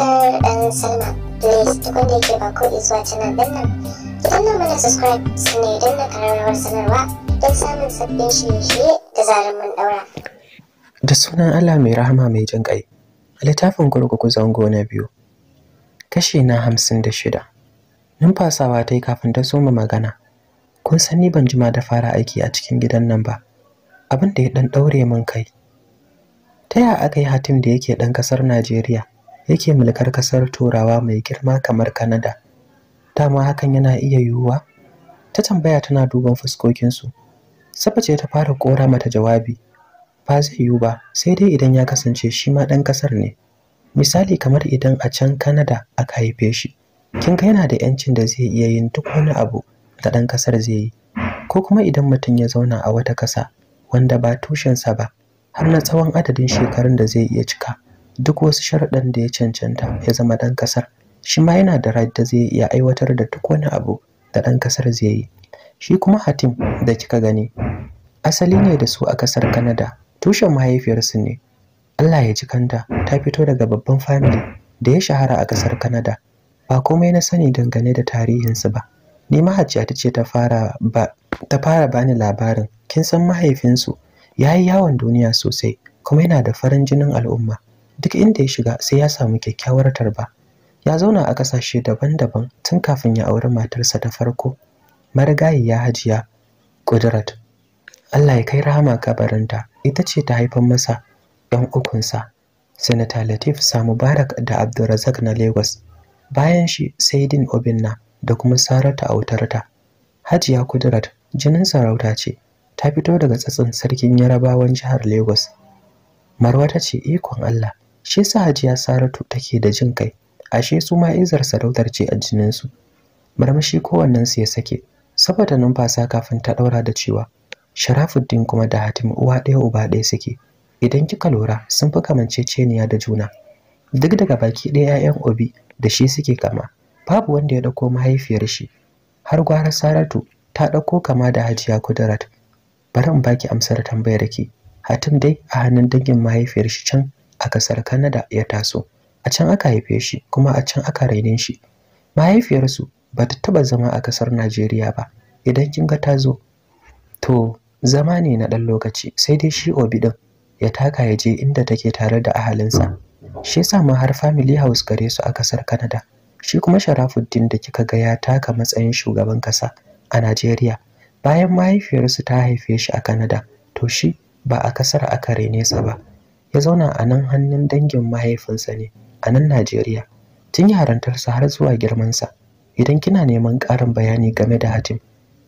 and sign up. da nan. subscribe sanarwa don samun sabbin shirye-shirye da zarar Da sunan Allah mai rahama mai jin ƙai. A littafin gurguku zango na biyu. Kashi na hamsin da shida. Numfasawa ta yi kafin ta soma magana. Kun san ni ban jima da fara aiki a cikin gidan nan ba. Abin da ya ɗan ɗaure min kai. ta yaya aka yi hatim da yake ɗan ƙasar najeriya yake mulkar kasar turawa mai girma kamar Kanada. Dama hakan yana iya yiwuwa? Ta tambaya tana duban fuskokinsu. Safa ce ta fara kora mata jawabi. Ba zai yiwu ba, sai dai idan ya kasance shi ma ɗan ƙasar ne. Misali kamar idan a can Kanada aka haife shi. Kin ga yana da 'yancin da zai iya yin duk wani abu da ɗan ƙasar zai yi. Ko kuma idan mutum ya zauna a wata ƙasa wanda ba tushensa ba, har na tsawon adadin shekarun da zai iya cika. duk wasu sharaɗan da ya cancanta ya zama ɗan ƙasar shi ma yana da right da zai iya aiwatar da duk wani abu da ɗan ƙasar zai yi shi kuma hatim da kika gani asali ne da su a ƙasar Kanada, tushen mahaifiyarsu ne Allah ya ji kanta ta fito daga babban family da ya shahara a ƙasar Kanada, ba komai na sani dangane da tarihinsu ba ni mahajjiya ta ce ta fara ta fara bani labarin kin san mahaifinsu ya yi yawon duniya sosai kuma yana da farin jinin al'umma duk inda ya shiga sai ya samu kyakkyawar tarba ya zauna a kasashe daban-daban tun kafin ya auri matarsa ta farko marigayi ya hajiya ƙudirat allah ya kai rahama kabarinta ita ce ta haifar masa yan ukunsa senator latif samu barak da abdulrazak na lagos bayan shi saidin obinna da kuma sarata autarta hajiya kudirat jinin sarauta ce ta fito daga tsatsin sarkin yarabawan jihar lagos marwata ce ikon allah shi yasa hajiya saratu take da jin kai ashe su ma izar sarautar ce a jinin su. marmashi su ya sake saboda numfasa kafin ta daura da cewa sharafuddin kuma da hatim uwa ɗaya uba ɗaya suke idan kika lura sun fi ceniya da juna duk daga baki ɗaya 'ya'yan obi da shi suke kama babu wanda ya ɗauko mahaifiyar shi har gwara saratu ta ɗauko kama da hajiya kudarat bari in baki amsar tambayar ki hatim dai a hannun dangin mahaifiyar shi can a ƙasar Kanada ya taso. A can aka haife shi kuma a can aka raine shi. Mahaifiyarsu ba ta taɓa zama a ƙasar Najeriya ba, idan kin ga ta zo. To, zama ne na ɗan lokaci, sai dai shi Obi ɗin ya taka ya je inda take tare da ahalinsa. Shi yasa ma har family house gare su a ƙasar Kanada, Shi kuma Sharafuddin da kika ga ya taka matsayin shugaban ƙasa a Najeriya. Bayan mahaifiyarsu ta haife shi a Kanada, to shi ba a ƙasar aka raine sa ba. ya zauna a nan hannun dangin mahaifinsa ne a nan Najeriya tun yarantarsa har zuwa girmansa idan kina neman ƙarin bayani game da Hatim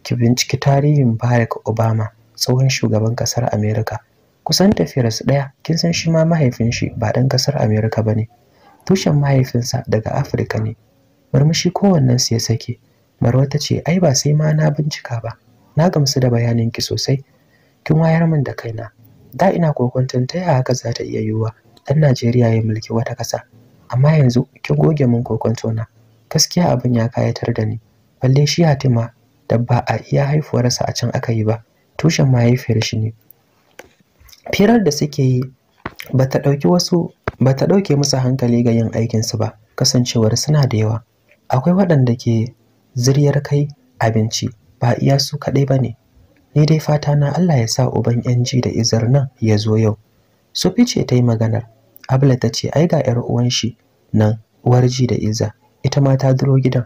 ki binciki tarihin Barack Obama tsohon shugaban ƙasar Amerika kusan tafiyarsa ɗaya kin san shi ma mahaifin shi ba ɗan ƙasar Amerika ba ne tushen mahaifinsa daga Afirka ne murmushi kowannensu ya sake Marwa ta ce ai ba sai ma na bincika ba na gamsu da bayanin ki sosai kin wayar min da kaina da ina kokuntun ta yaya haka za ta iya yiwuwa dan Najeriya ya mulki wata ƙasa amma yanzu kin goge min kokonto na gaskiya abin ya kayatar da ni balle shi Hatima da ba a iya haifuwarsa a can aka yi ba tushen mahaifiyar shi ne firar da suke yi ba ta ɗauki wasu ba ta ɗauke musu hankali ga yin aikinsu ba kasancewar suna da yawa akwai waɗanda ke ziryar kai abinci ba iya su kaɗai ba ne ni dai fata na Allah ya sa uban yanji da izar nan ya zo yau su fice ta yi maganar abla ta ce ai ga yar uwan shi nan uwar da iza ita ma ta duro gidan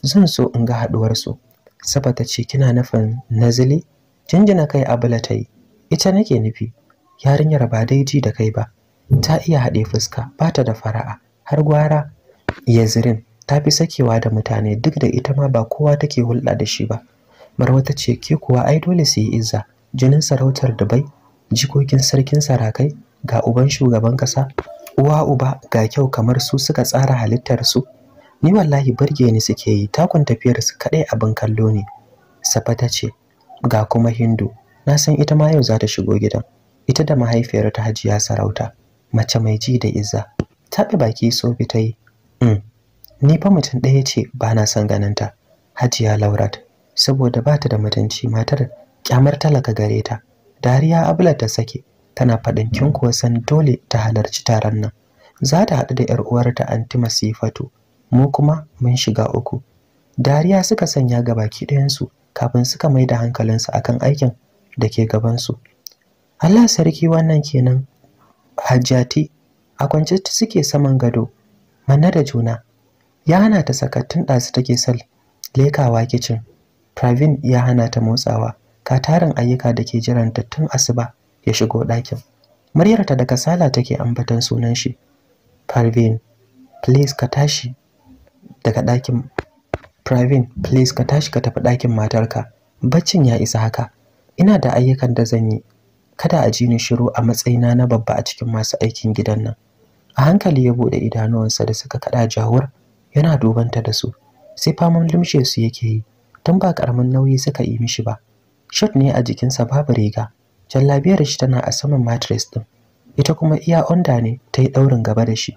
zan so in ga haduwar su saba ta ce kina nufin nazili jinjina kai abla ta yi ita nake nufi yarinyar ba dai da kai ba ta iya haɗe fuska ba ta da fara'a har gwara yazirin ta fi sakewa da mutane duk da ita ma ba kowa take hulɗa da shi ba Marwa ta ce ke kuwa ai dole su yi izza jinin sarautar Dubai jikokin sarkin sarakai ga uban shugaban kasa uwa uba ga kyau kamar su suka tsara halittar su ni wallahi burge ni suke yi takun tafiyar su kadai abin kallo ne safa ce ga kuma hindu na san ita ma yau za ta shigo gidan ita da mahaifiyar ta hajiya sarauta mace mai ji da izza taɓe baki so ta yi mm, ni fa mutum ɗaya ce ba na son ganinta hajiya laurat saboda ba ta da mutunci matar kyamar talaka gare ta dariya abla ta sake tana faɗin kin kuwa san dole ta halarci taron nan za ta haɗu da 'yar uwarta anti masifatu mu kuma mun shiga uku dariya suka sanya ga baki ɗayansu kafin suka mai da hankalinsu akan aikin da ke gabansu allah sarki wannan kenan hajjati a kwance suke saman gado mana da juna ya hana ta sakattun ɗazu take sal lekawa kicin Pravin ya hana ta motsawa, katarin ayyuka da ke jiranta tun asuba ya shigo ɗakin. Muryarta da kasala take ambaton sunan shi. Pravin, please ka tashi daga ɗakin. Pravin, please ka tashi ka tafi ɗakin matarka. Baccin ya isa haka. Ina da ayyukan da zan yi. Kada a ji ni shiru a matsayina na babba a cikin masu aikin gidan nan. A hankali ya buɗe idanuwansa da suka kaɗa jawur yana dubanta da su. Sai faman lumshe su yake yi. don ba karamin nauyi suka yi mishi ba shot ne a jikinsa babu riga jallabiyar shi tana a saman mattress din ita kuma iya onda ne ta yi daurin gaba da shi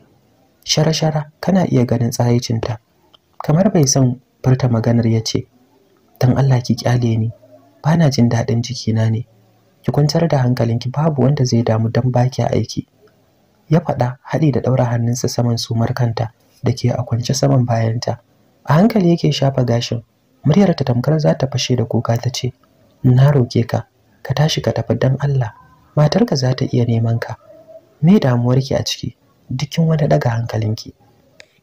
shara-shara kana iya ganin tsayicinta kamar bai san furta maganar ya ce don allah ki kyale ni ba na jin daɗin jikina ne ki kwantar da hankalinki babu wanda zai damu don baki aiki ya faɗa haɗi da ɗaura hannunsa saman sumar kanta da ke a kwance saman bayanta a hankali yake shafa gashin muryar ta tamkar za ta fashe da kuka ta ce na roke ka ka tashi ka tafi dan Allah matarka za ta iya neman ka me damuwar damuwarki a ciki dukin wani daga hankalinki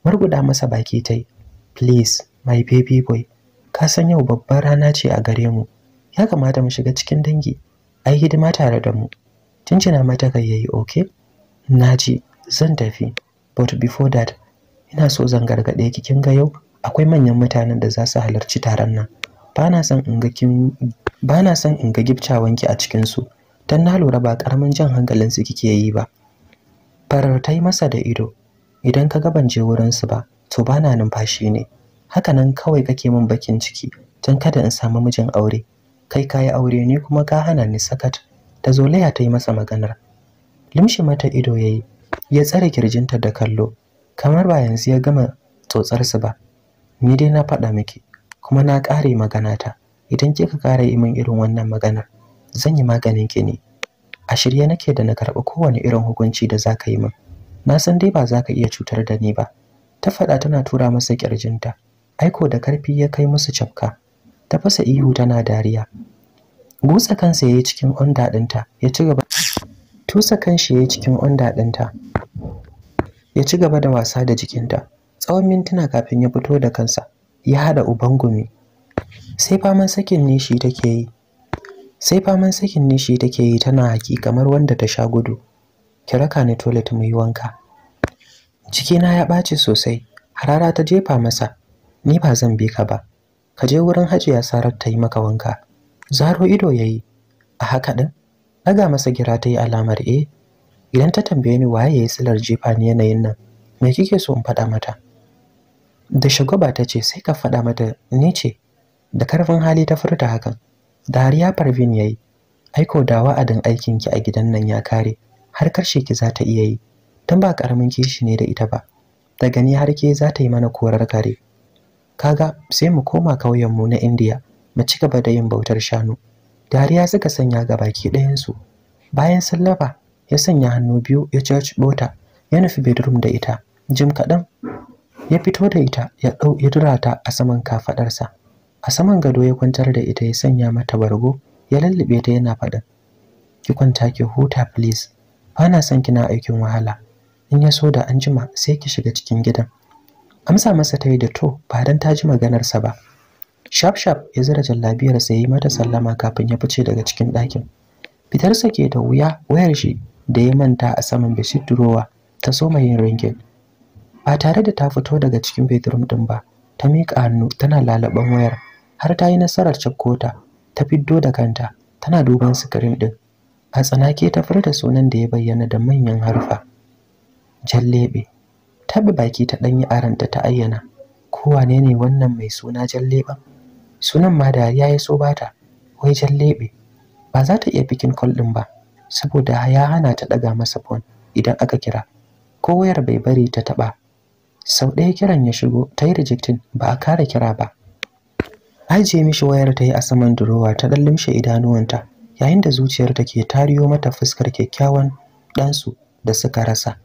marguda masa baki tai please my baby boy ka san yau babbar rana ce a gare mu ya kamata mu shiga cikin dangi ai hidima tare da mu tinjina mata kai yayi okay naji zan tafi but before that ina so zan gargaɗe ki kin ga yau akwai manyan mutanen da za su halarci taron nan ba na son in ga gibcawanki a cikinsu don na lura ba karamin jan hankalin su kike yi ba Farar ta yi masa da ido idan ka ban je wurinsu ba to ba na numfashi ne hakanan kawai kake min bakin ciki don kada in samu mijin aure kai kayi aure ne kuma ka hana ni sakat ta zolaya ta yi masa maganar limshi mata ido ya yi ya tsare kirjinta da kallo kamar ba yanzu ya gama tsotsarsu ba ni dai na faɗa miki kuma na ƙare magana ta idan ka ƙara yi min irin wannan maganar zan yi maganin ki ne a shirye nake da na karɓi kowane irin hukunci da zaka yi min na san dai ba za ka iya cutar da ni ba ta faɗa tana tura masa ƙirjinta aiko da karfi ya kai musu cafka ta fasa ihu tana dariya gutsa kansa ya yi cikin onda ɗinta ya ci gaba tusa kanshi ya yi cikin onda ya ci gaba da wasa da jikinta tsawon mintuna kafin ya fito da kansa ya haɗa uban gumi sai faman sakin nishi take yi sai faman sakin nishi take yi tana haki kamar wanda ta sha gudu ki raka ni toilet mu yi wanka cikina ya ɓaci sosai harara ta jefa masa ni ba zan bi ka ba ka je wurin hajiya sarar ta yi maka wanka zaro ido ya yi a haka ɗin ɗaga masa gira ta yi alamar e idan ta tambaye ni waye ya yi silar jefa ni yanayin nan me kike so in faɗa mata da shagwaba ta ce sai ka faɗa mata ni ce da karfin hali ta furta hakan dariya parvin yi aiko da wa'adin aikin ki a gidan nan ya kare har karshe ki za ta iya yi Tun ba karamin kishi ne da ita ba da gani har ke za ta yi mana korar kare kaga sai mu koma kauyen mu na Indiya, mu ci gaba da yin bautar shanu dariya suka sanya ga baki ɗayan bayan sallaba ya sanya hannu biyu ya ci bota ya nufi bedroom da ita jim kaɗan ya fito da ita ya dau ya dura ta a saman kafadarsa a saman gado ya kwantar da ita ya sanya mata bargo ya lallube ta yana faɗin ki kwanta ki huta please bana son kina aikin wahala in ya so da anjima sai ki shiga cikin gidan amsa masa ta da to ba dan ta ji maganarsa ba shaf shaf ya zira jallabiyar sa yi mata sallama kafin ya fice daga cikin ɗakin fitarsa ke da wuya wayar shi da ya manta a saman bishit durowa ta soma yin ringin ba tare da ta fito daga cikin bedroom din ba ta miƙa hannu tana lalaban wayar har ta yi nasarar cakkota ta fiddo da kanta tana duban sikirin din a tsanake ta furta sunan da ya bayyana da manyan harfa jallebe ta bi baki ta ɗanyi aranta ta ayyana ko wane ne wannan mai suna jalleben sunan ma dariya ya so bata wai jallebe ba za ta iya bikin kwal ɗin ba saboda ya hana ta ɗaga masa fon idan aka kira ko wayar bai bari ta taɓa sau ɗaya kiran ya shigo ta yi rejectin ba a kare kira ba ajiye mishi wayar ta yi a saman durowa ta ɗan limshe idanuwanta yayin da zuciyarta ke tariyo mata fuskar kyakkyawan ɗansu da suka rasa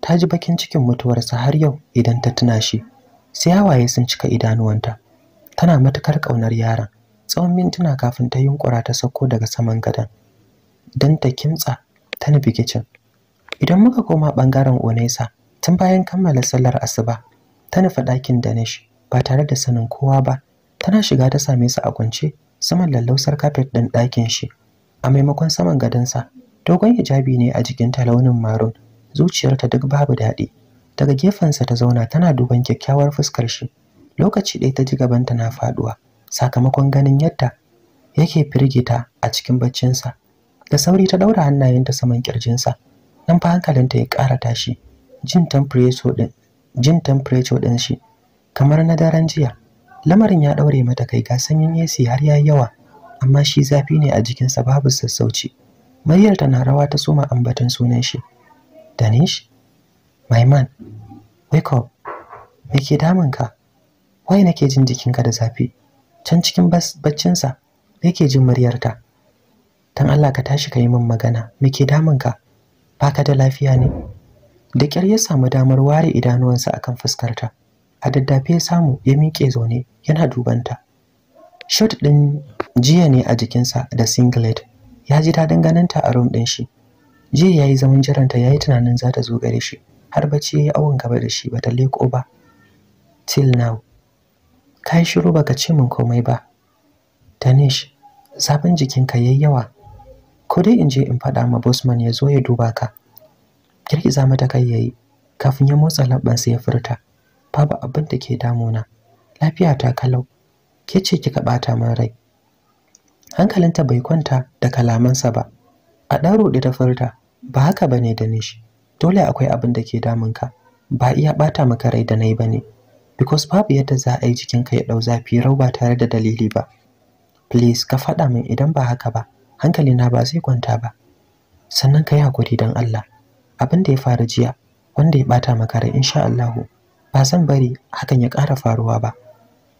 ta ji bakin cikin mutuwarsa har yau idan ta tuna shi sai hawaye sun cika idanuwanta tana matukar ƙaunar yaron tsawon mintuna kafin ta yunkura ta sauko daga saman gadon don ta kimtsa ta nufi kicin idan muka koma ɓangaren onesa tun bayan kammala sallar asuba ta nufi ɗakin danish ba tare da sanin kowa ba tana shiga ta same su a kunce saman lallausar kafet ɗin ɗakin shi a maimakon saman gadonsa dogon hijabi ne a jikinta launin maroon zuciyarta duk babu daɗi daga gefensa ta zauna tana duban kyakkyawar fuskar shi lokaci ɗaya ta ji gabanta na faɗuwa sakamakon ganin yadda yake firgita a cikin baccinsa da sauri ta ɗaura hannayenta saman kirjinsa nan fa hankalinta ya ƙara tashi jin temperature din jin temperature din shi kamar na daren jiya lamarin ya daure mata kai ga sanyin AC har yayi yawa amma shi zafi ne a jikinsa babu sassauci Maryar na rawa ta soma ambaton sunan shi Danish my man wake up me ke damun ka wai nake jin jikinka da zafi can cikin baccinsa yake jin muryarta dan Allah ka tashi ka yi min magana me ke damun ka baka da lafiya ne da ƙyar ya samu damar ware idanuwansa akan fuskarta a daddafe ya samu ya miƙe zaune yana dubanta shot ɗin jiya ne a jikinsa da singlet ya ji daɗin ta a rum ɗin shi jiya ya yi zaman jiranta ya yi tunanin za ta zo gare shi har bacci ya yi awon gaba da shi ba ta leko ba till now ka yi shiru baka ce min komai ba tanish zafin jikinka yayi yawa ko dai in je in faɗa ma bosman ya zo ya duba ka girgiza mata kai yayi kafin ya motsa labbansa ya furta babu abin da ke damuna lafiya ta kalau ke ce kika bata min rai hankalinta bai kwanta da kalamansa ba a ɗan roɗe ta furta ba haka bane da nishi dole akwai abin da ke damunka ba iya bata maka rai da nayi bane because babu yadda za a yi jikinka ya ɗau zafi rau ba tare da dalili ba please ka faɗa min idan ba haka ba hankalina ba zai kwanta ba sannan ka yi hakuri don Allah abin da ya faru jiya wanda ya bata maka rai insha Allah ba zan bari hakan ya ƙara faruwa ba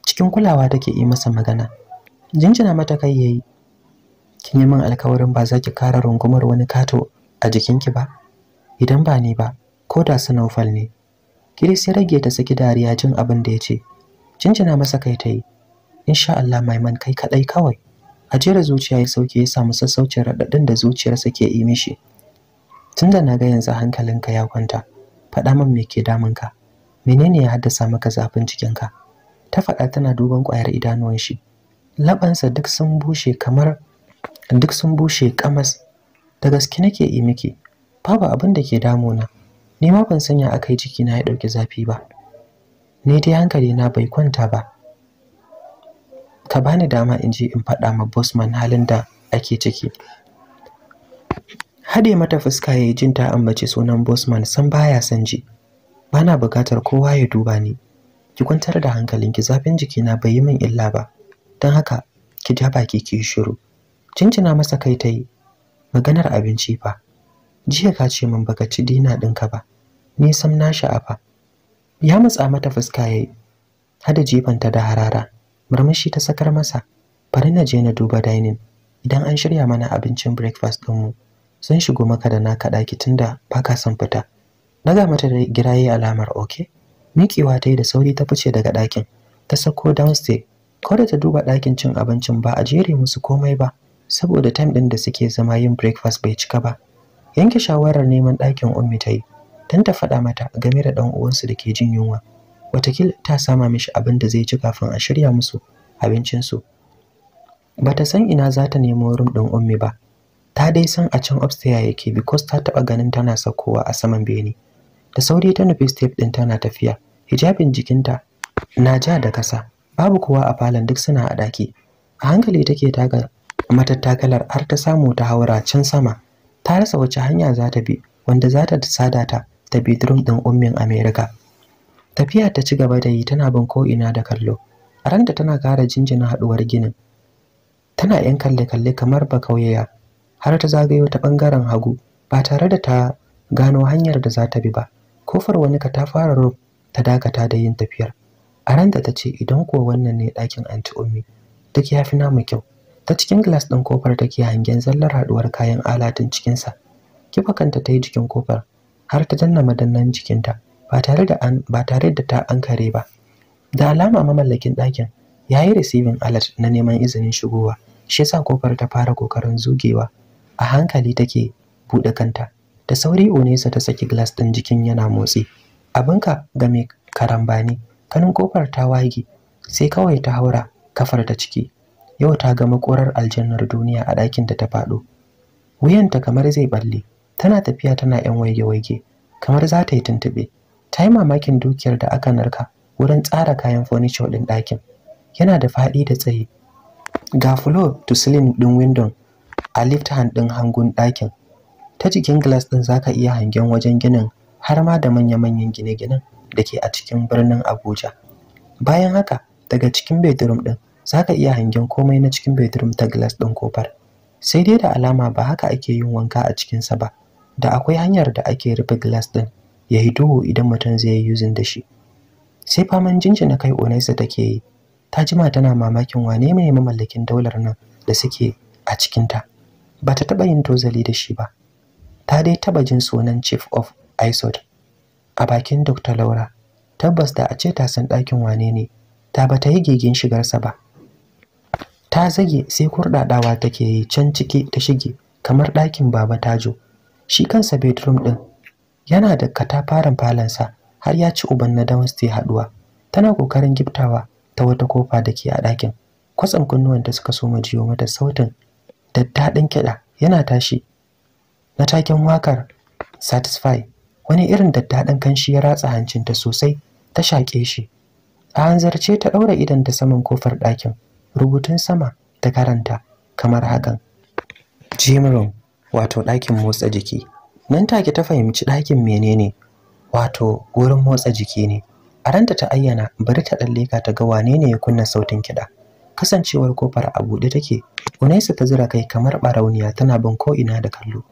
cikin kulawa take yi masa magana jinjina mata kai yayi kin yi min alƙawarin ba za ki kara rungumar wani kato a jikinki ba idan ba ni ba ko da su naufal ne Kiris ya rage ta saki dariya jin abin da ya ce jinjina masa kai ta yi insha Allah maiman kai kadai kawai a jera zuciya ya sauke ya samu sassaucin raɗaɗin da zuciyarsa ke yi mishi tunda na ga yanzu hankalinka ya kwanta faɗa min me ke damun ka? menene ya haddasa maka zafin cikin ka ta faɗa tana duban ƙwayar idanuwan shi labansa duk sun bushe kamar duk sun bushe kamas da gaske nake yi miki babu abin da ke damuna ni ma ban sanya akai ciki na ya ɗauki zafi ba ni dai hankali na bai kwanta ba ka bani dama in je in faɗa ma bosman halin da ake ciki haɗe mata fuska ya jin ta ambaci sunan bosman san baya son ji Bana bukatar kowa ya duba ni ki kwantar da hankalinki zafin jikina bai yi min illa ba don haka ki ja baki ki shiru cincina masa kai ta yi maganar abinci fa jiya ka ce min baka ci dina ɗinka ba ni sam na sha'afa ya matsa mata fuska ya hada hada jifanta da harara murmushi ta sakar masa bari na je na duba dining idan an shirya mana abincin breakfast mu. zan shigo maka da naka ɗaki tunda ka son fita daga mata da giraye alamar oke Mikiwa ta yi da sauri ta fice daga ɗakin ta sako downstay ko da ta duba ɗakin cin abincin ba a jere musu komai ba saboda time ɗin da suke zama yin breakfast bai cika ba yanke shawarar neman ɗakin ummi ta yi don ta faɗa mata game da ɗan uwansu da ke jin yunwa watakila ta sama mishi abin da zai ci kafin a shirya musu abincinsu ba ta san ina za ta nemo rum ɗin ummi ba ta dai san a can upstairs yake because ta taba ganin tana sakowa a saman bene da sauri ta nufi step din tana tafiya hijabin jikinta na ja da kasa babu kowa a falon duk suna a daki a hankali take taga matattakalar har ta samu ta haura can sama ta rasa wace hanya za ta bi wanda za ta sada ta ta bedroom din ummin America tafiya ta ci gaba da yi tana bin ko ina da kallo a ranta tana kara jinjina haduwar ginin tana yan kalle kalle kamar ba kauyaya har ta zagayo ta ɓangaren hagu ba tare da ta gano hanyar da za ta bi ba kofar wani ka ta fara ta dakata da yin tafiyar a ranta ta ce idan kuwa wannan ne ɗakin anti ummi duk ya fi namu kyau ta cikin glass ɗin kofar take hangen zallar haɗuwar kayan alatin cikinsa kifa kanta ta yi jikin kofar har ta danna madannan jikinta ba tare da an ba tare da ta an kare ba da alama mamallakin ɗakin ya yi receiving alert na neman izinin shigowa shi yasa kofar ta fara kokarin zugewa a hankali take buɗe kanta da sauri onesa ta saki glass ɗin jikin yana motsi abinka ga mai karambani kanin kofar ta wage sai kawai ta haura kafar ta ciki yau ta ga makorar aljannar duniya a ɗakin da ta faɗo wuyanta kamar zai balle tana tafiya tana yan waige-waige kamar za ta yi tuntuɓe ta yi mamakin dukiyar da aka narka wurin tsara kayan furniture ɗin ɗakin yana da faɗi da tsaye ga fulo to ceiling ɗin windon a lift hand ɗin hangun ɗakin ta jikin glass ɗin za ka iya hangen wajen ginin har ma da manya-manyan gine-ginen da ke a cikin birnin Abuja. Bayan haka, daga cikin bedroom ɗin, za ka iya hangen komai na cikin bedroom ta glass ɗin kofar. Sai dai da alama ba haka ake yin wanka a cikinsa ba, da akwai hanyar da ake rufe glass ɗin ya yi duhu idan mutum zai yi yuzin da shi. Sai faman na kai Onesa take yi, ta jima tana mamakin wane mai mamallakin daular nan da suke a cikinta. ba ta taɓa yin tozali da shi ba ta dai taɓa jin sunan chief of isod a bakin dr laura tabbas da a ce ta san ɗakin wane ne ta ba ta yi gigin shigarsa ba ta zage sai kurɗaɗawa take yi can ciki ta shige kamar ɗakin baba tajo shi kansa bedroom ɗin yana da katafaren falansa har ya ci uban na sai haɗuwa tana ƙoƙarin giftawa ta wata kofa da ke a ɗakin kwatsam kunnuwanta suka so majiyo mata sautin daddaɗin kiɗa yana tashi na taken wakar satisfy wani irin daddaɗin kanshi ya ratsa hancinta sosai ta shaƙe shi a hanzarce ta ɗaura idan da saman kofar ɗakin rubutun sama ta karanta kamar hakan gym room wato ɗakin motsa jiki nan take ta fahimci ɗakin menene wato wurin motsa jiki ne a ranta ta ayyana bari ta ɗan leka ta ga wane ne ya kunna sautin kiɗa kasancewar kofar a buɗe take unaisa ta zira kai kamar barauniya tana bin ko'ina da kallo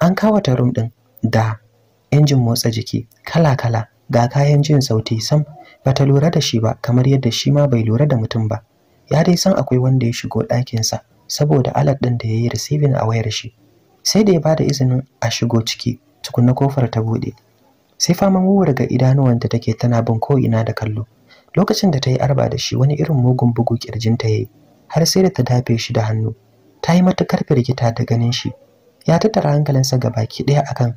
an kawata rum din da injin motsa jiki kala kala ga kayan jin sauti sam ba ta lura da shi ba kamar yadda shi ma bai lura da mutum ba ya dai san akwai wanda ya shigo ɗakinsa saboda alat ɗin da ya yi receiving a wayar shi sai da ya bada izinin a shigo ciki tukunna kofar ta buɗe sai faman wuwar ga idanuwanta take tana bin ko'ina da kallo lokacin da ta yi arba da shi wani irin mugun bugu kirjinta ya yi har sai da ta dafe shi da hannu ta yi matukar firgita da ganin shi ya tattara hankalinsa ga baki ɗaya akan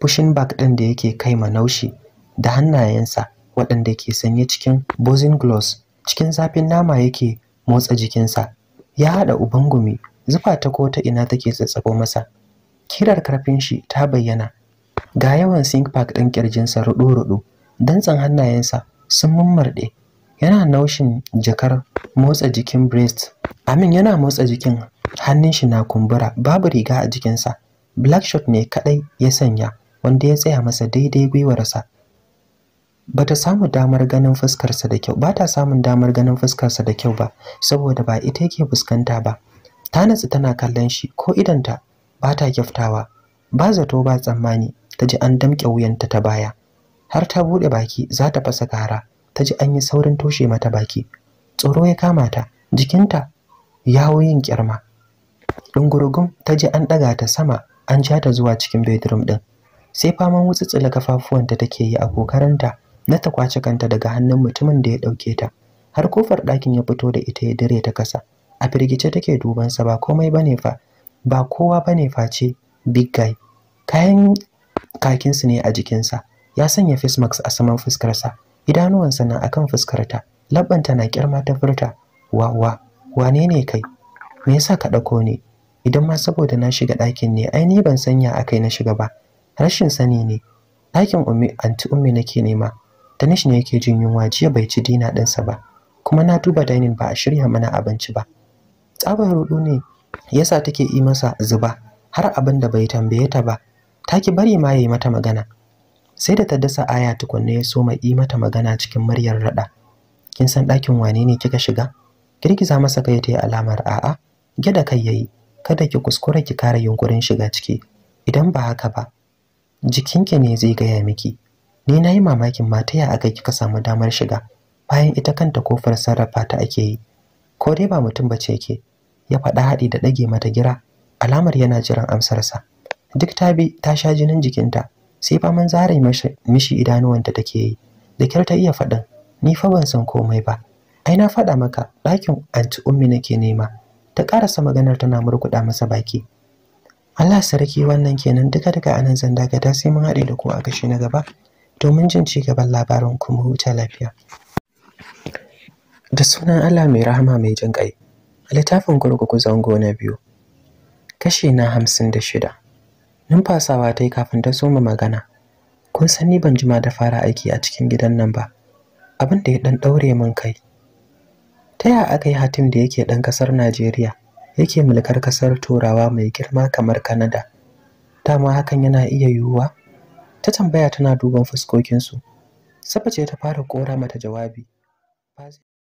pushin back ɗin da yake kai ma naushi da hannayensa waɗanda ke sanye cikin bozin gloves cikin zafin nama yake motsa jikinsa ya haɗa ubangumi, gumi zufa ta ko ta ina take tsatsako masa kirar karfin shi ta bayyana ga yawan sink pack ɗin kirjinsa ruɗu-ruɗu dantsan hannayensa sun mummurɗe yana naushin jakar motsa jikin breast amin yana motsa jikin hannun shi na kumbura babu riga a jikinsa Black-shot ne kadai ya sanya wanda ya tsaya masa daidai gwiwarsa bata samu damar ganin fuskarsa da kyau bata samun damar ganin fuskarsa da kyau ba saboda ba ita yake fuskanta ba ta natsu tana kallon shi ko idanta ta kyaftawa ba zato ba tsammani ta ji an damƙe wuyanta ta baya har ta bude baki za ta fasa kara ta ji an yi saurin toshe mata baki tsoro ya kama ta jikinta ya yin kirma dungurugun ta ji an ɗaga ta sama an ja ta zuwa cikin bedroom ɗin sai faman kafafuwan kafafuwanta take yi a kokarinta na ta kwace kanta daga hannun mutumin da ya ɗauke ta har kofar ɗakin ya fito da ita ya dire ta kasa a firgice take duban sa ba komai bane fa ba kowa bane face big guy kayan kakinsu ne a jikinsa ya sanya face mask a saman fuskarsa idanuwansa na akan fuskarta labbanta na kirma ta furta wa wa wane ne kai me yasa ka dauko ne idan ma saboda na shiga ɗakin ne ai ni ban sanya akai na shiga ba rashin sani ne ɗakin ummi anti ummi nake nema Danish ne yake jin yunwa jiya bai ci dina ɗinsa ba kuma na duba dining ba a shirya mana abinci ba tsabar rudu ne yasa take yi masa zuba har abin da bai tambaye ta ba taki bari ma yayi mata magana sai da ta dasa aya tukunna ya so mai yi mata magana cikin muryar rada kin san ɗakin wane ne kika shiga girgiza masa kai ta yi alamar a'a gyada kai yayi kada ki kuskura ki kara yunkurin shiga ciki idan ba haka ba Jikin jikinki ne zai gaya miki ni na yi mamakin mata ya aka kika samu damar shiga bayan ita kanta kofar sarrafa ta ake yi ko dai ba mutum ba ce ke ya faɗa haɗi da ɗage mata gira alamar yana jiran amsarsa duk ta bi ta sha jinin jikinta sai mun zare mishi idanuwanta take yi da kyar ta iya faɗin ni fa ban san komai ba ai na faɗa maka ɗakin anti ummi nake nema ta ƙarasa maganar tana murkuɗa masa baki Allah sarki wannan kenan duka daga anan zan dakata sai mun haɗe da ku a kashi na gaba domin jin ci gaban labarin kuma huta lafiya da sunan Allah mai rahama mai jin ƙai littafin gurguku zango na biyu kashi na hamsin da shida numfasawa ta yi kafin ta soma magana kun sani ban jima da fara aiki a cikin gidan nan ba abin da ya dan daure min kai ta ya aka yi hatim da yake dan kasar najeriya yake mulkar kasar turawa mai girma kamar kanada dama hakan yana iya yiwuwa ta tambaya tana duban fuskokinsu sabace ta fara kora mata jawabi